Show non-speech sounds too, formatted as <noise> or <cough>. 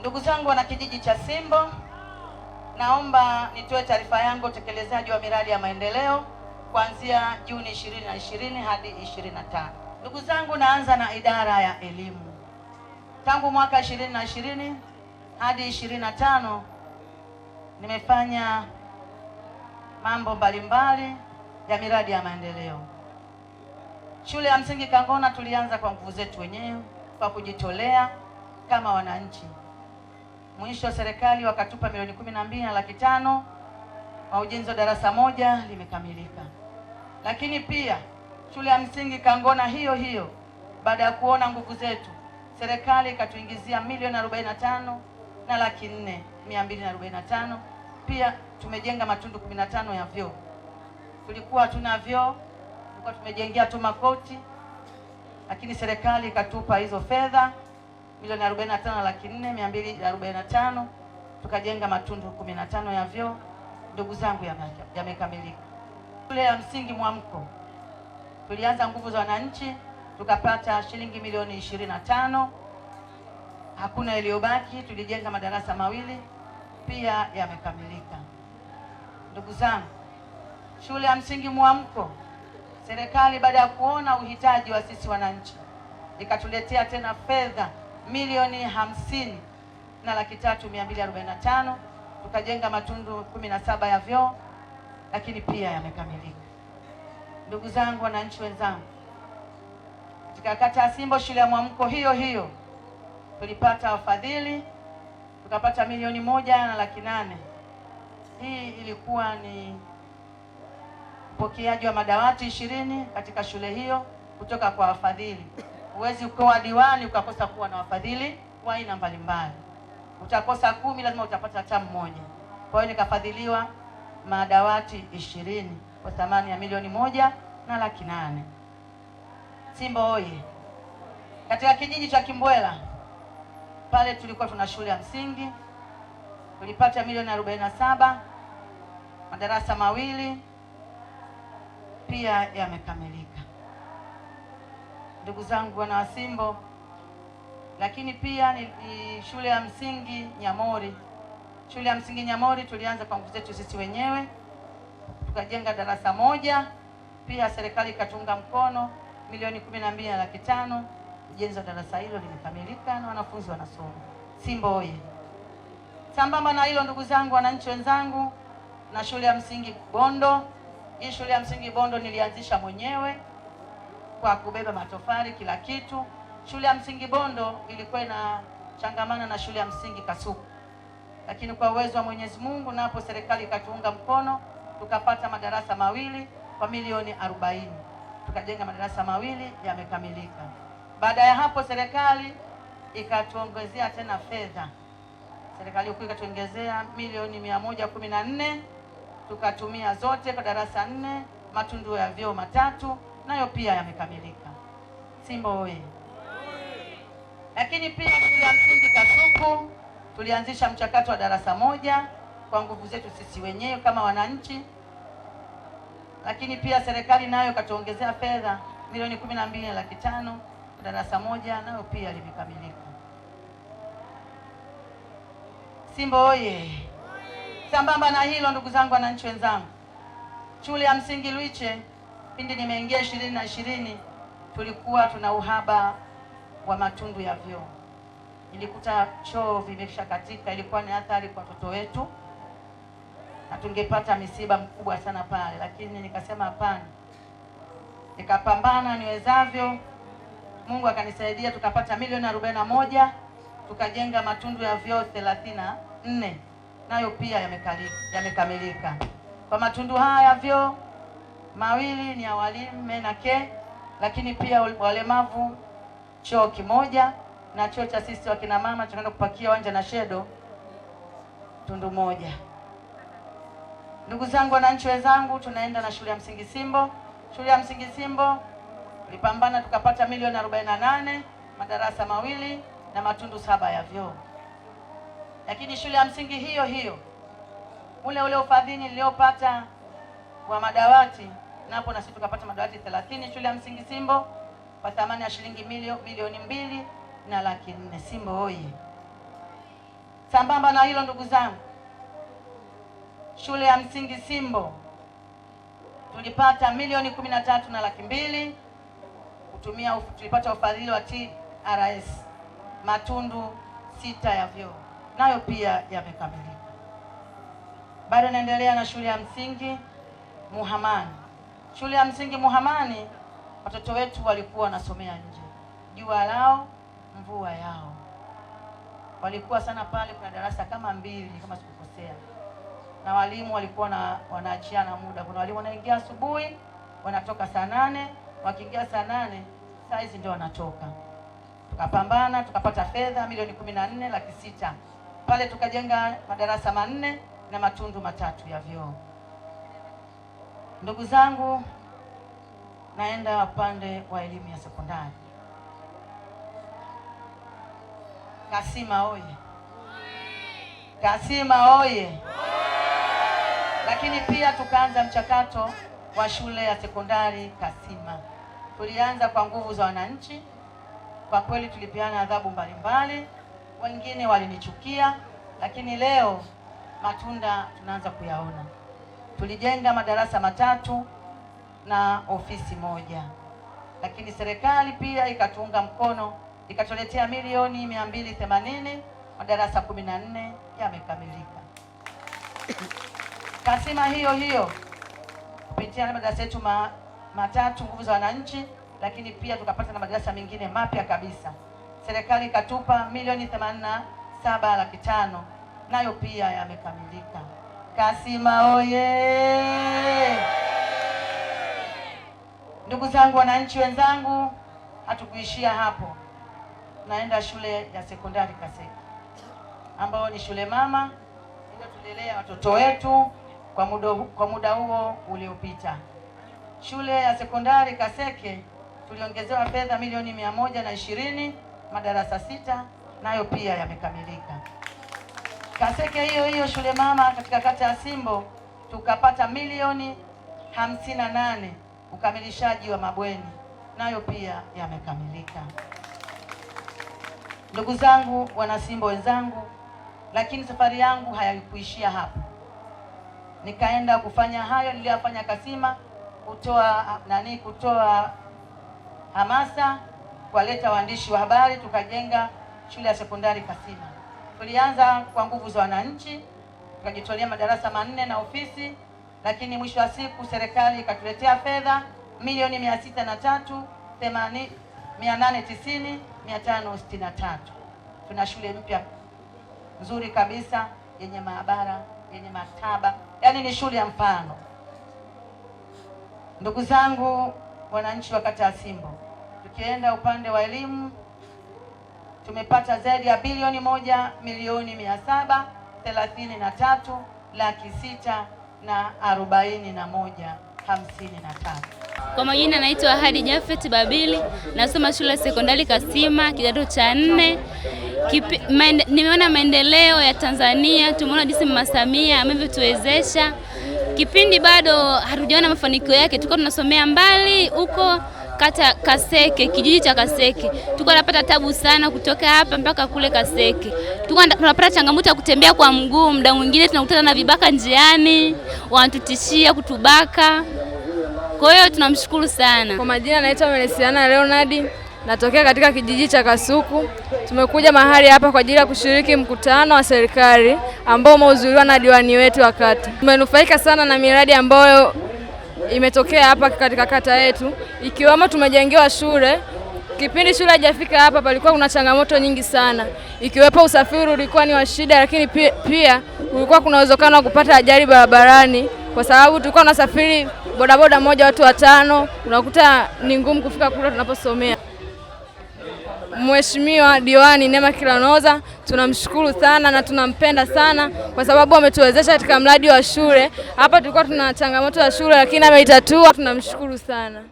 Ndugu zangu wana kijiji cha Simbo, naomba nitoe taarifa yangu utekelezaji wa miradi ya maendeleo kuanzia Juni 2020 hadi 25. Ndugu zangu, naanza na idara ya elimu. Tangu mwaka 2020 hadi 25 nimefanya mambo mbalimbali ya miradi ya maendeleo. Shule ya msingi Kangona tulianza kwa nguvu zetu wenyewe kwa kujitolea kama wananchi mwisho serikali wakatupa milioni kumi na mbili na laki tano kwa ujenzi wa darasa moja limekamilika. Lakini pia shule ya msingi Kangona hiyo hiyo, baada ya kuona nguvu zetu, serikali ikatuingizia milioni arobaini na tano na laki nne mia mbili na arobaini na tano. Pia tumejenga matundu kumi na tano ya vyoo. Tulikuwa hatuna vyoo, tulikuwa tumejengea tu makoti, lakini serikali ikatupa hizo fedha milioni 45 laki nne tukajenga matundu 15 ya vyoo. Ndugu zangu, yamekamilika. Shule ya msingi Mwamko tulianza nguvu za wananchi, tukapata shilingi milioni 25, hakuna iliyobaki. Tulijenga madarasa mawili pia yamekamilika. Ndugu zangu, shule ya msingi Mwamko, serikali baada ya kuona uhitaji wa sisi wananchi ikatuletea tena fedha milioni hamsini na laki tatu mia mbili arobaini na tano tukajenga matundu kumi na saba ya vyoo, lakini pia yamekamilika. Ndugu zangu, wananchi wenzangu, katika kata ya Simbo shule ya Mwamko hiyo hiyo tulipata wafadhili tukapata milioni moja na laki nane. Hii ilikuwa ni upokeaji wa madawati ishirini katika shule hiyo kutoka kwa wafadhili. Huwezi ukawa diwani ukakosa kuwa na wafadhili wa aina mbalimbali. Utakosa kumi, lazima utapata hata mmoja. Kwa hiyo nikafadhiliwa madawati ishirini kwa thamani ya milioni moja na laki nane. Simba oye! Katika kijiji cha Kimbwela pale tulikuwa tuna shule ya msingi, tulipata milioni arobaini na saba, madarasa mawili pia yamekamilika ndugu zangu wana Wasimbo, lakini pia ni shule ya msingi Nyamori. Shule ya msingi Nyamori tulianza kwa nguvu zetu sisi wenyewe, tukajenga darasa moja, pia serikali ikatunga mkono milioni kumi na mbili na laki tano. Ujenzi wa darasa hilo limekamilika na wanafunzi wanasoma. Simbo oye! Sambamba na hilo, ndugu zangu wananchi wenzangu, na shule ya msingi Bondo. Hii shule ya msingi Bondo nilianzisha mwenyewe kwa kubeba matofali, kila kitu. Shule ya msingi Bondo ilikuwa inachangamana na shule ya msingi Kasuku, lakini kwa uwezo wa Mwenyezi Mungu napo serikali ikatuunga mkono tukapata madarasa mawili kwa milioni arobaini tukajenga madarasa mawili yamekamilika. Baada ya hapo, serikali ikatuongezea tena fedha, serikali kuu ikatuongezea milioni mia moja kumi na nne tukatumia zote kwa darasa nne, matundu ya vyoo matatu nayo pia yamekamilika. Simba oye! Lakini pia shule ya msingi Kasuku tulianzisha mchakato wa darasa moja kwa nguvu zetu sisi wenyewe kama wananchi, lakini pia serikali nayo katuongezea fedha milioni kumi na mbili laki tano darasa moja nayo pia limekamilika. Simba oye! Sambamba na hilo, ndugu zangu wananchi wenzangu, shule ya msingi Lwiche Pindi nimeingia ishirini na ishirini tulikuwa tuna uhaba wa matundu ya vyoo, nilikuta choo vimeshakatika. Ilikuwa ni athari kwa watoto wetu na tungepata misiba mkubwa sana pale, lakini nikasema hapana, nikapambana niwezavyo. Mungu akanisaidia tukapata milioni arobaini na moja tukajenga matundu ya vyoo thelathini na nne nayo pia yamekamilika. Kwa matundu haya ya vyoo mawili ni ya walimu ke lakini pia walemavu choo kimoja na chuo cha sisi wakina mama tunaenda kupakia wanja na shedo tundu moja. Ndugu zangu wananchi wenzangu, tunaenda na shule ya msingi Simbo. Shule ya msingi Simbo tulipambana tukapata milioni 48 madarasa mawili na matundu saba ya vyoo, lakini shule ya msingi hiyo hiyo ule ule ufadhili niliopata wa madawati napo na sisi tukapata madawati 30 shule ya msingi Simbo kwa thamani ya shilingi milioni mbili na laki nne. Simbo hoye! Sambamba na hilo, ndugu zangu, shule ya msingi Simbo tulipata milioni kumi na tatu na laki mbili kutumia, tulipata ufadhili wa TRS matundu sita ya vyoo nayo pia yamekamilika. Bado naendelea na shule ya msingi Muhamani, shule ya msingi Muhamani, watoto wetu walikuwa wanasomea nje, jua lao mvua yao, walikuwa sana pale. Kuna darasa kama mbili kama sikukosea, na walimu walikuwa na wanaachiana muda. Kuna walimu wanaingia asubuhi, wanatoka saa nane, wakiingia saa nane saa hizi ndio wanatoka. Tukapambana, tukapata fedha milioni kumi na nne laki sita pale, tukajenga madarasa manne na matundu matatu ya vyoo. Ndugu zangu, naenda upande wa elimu ya sekondari. Kasima oye! Kasima oye! Lakini pia tukaanza mchakato wa shule ya sekondari Kasima. Tulianza kwa nguvu za wananchi. Kwa kweli tulipeana adhabu mbalimbali, wengine walinichukia, lakini leo matunda tunaanza kuyaona tulijenga madarasa matatu na ofisi moja, lakini serikali pia ikatuunga mkono ikatuletea milioni mia mbili themanini. Madarasa kumi na nne yamekamilika. <coughs> Kasima hiyo hiyo kupitia na madarasa yetu ma, matatu nguvu za wananchi, lakini pia tukapata na madarasa mengine mapya kabisa. Serikali ikatupa milioni themanini na saba laki tano, nayo pia yamekamilika. Kasima oye! Ndugu zangu, wananchi wenzangu, hatukuishia hapo. Naenda shule ya sekondari Kaseke, ambayo ni shule mama iliyotulelea watoto wetu kwa muda, kwa muda huo uliopita. Shule ya sekondari Kaseke tuliongezewa fedha milioni mia moja na ishirini madarasa sita, nayo pia yamekamilika. Kaseke hiyo hiyo shule mama katika kata ya Simbo tukapata milioni hamsini na nane ukamilishaji wa mabweni, nayo pia yamekamilika. Ndugu zangu, wana simbo wenzangu, lakini safari yangu hayakuishia hapo. Nikaenda kufanya hayo niliyofanya Kasima, kutoa nani, kutoa hamasa, kuwaleta waandishi wa habari, tukajenga shule ya sekondari Kasima. Tulianza kwa nguvu za wananchi, tukajitolea madarasa manne na ofisi, lakini mwisho wa siku serikali ikatuletea fedha milioni mia sita na tatu themanini mia nane tisini mia tano sitini na tatu. Tuna shule mpya nzuri kabisa yenye maabara yenye maktaba, yaani ni shule ya mfano. Ndugu zangu wananchi wa kata ya Simbo, tukienda upande wa elimu tumepata zaidi ya bilioni moja milioni mia saba thelathini na tatu laki sita na arobaini na moja hamsini na tatu. Kwa majina naitwa Hadi Jafet Babili, nasoma shule ya sekondari Kasima kidato cha nne. Maende, nimeona maendeleo ya Tanzania, tumeona jinsi Mama Samia amevyotuwezesha. Kipindi bado hatujaona mafanikio yake, tulikuwa tunasomea mbali huko kata Kaseke, kijiji cha Kaseke. tuko tunapata tabu sana kutoka hapa mpaka kule Kaseke. Tuko tunapata changamoto ya kutembea kwa mguu, muda mwingine tunakutana na vibaka njiani, wanatutishia kutubaka. Kwa hiyo tunamshukuru sana. Kwa majina, naitwa Melesiana Leonardi, natokea katika kijiji cha Kasuku. Tumekuja mahali hapa kwa ajili ya kushiriki mkutano wa serikali ambao umehudhuriwa na diwani wetu wa kata. Tumenufaika sana na miradi ambayo imetokea hapa katika kata yetu, ikiwemo tumejengewa shule. Kipindi shule haijafika hapa, palikuwa kuna changamoto nyingi sana, ikiwepo usafiri ulikuwa ni wa shida, lakini pia kulikuwa kuna uwezekano wa kupata ajali barabarani, kwa sababu tulikuwa tunasafiri bodaboda moja watu watano, unakuta ni ngumu kufika kule tunaposomea. Mheshimiwa Diwani Neema Kilanoza, tunamshukuru sana na tunampenda sana kwa sababu ametuwezesha katika mradi wa shule. Hapa tulikuwa tuna changamoto ya shule, lakini ameitatua, tunamshukuru sana.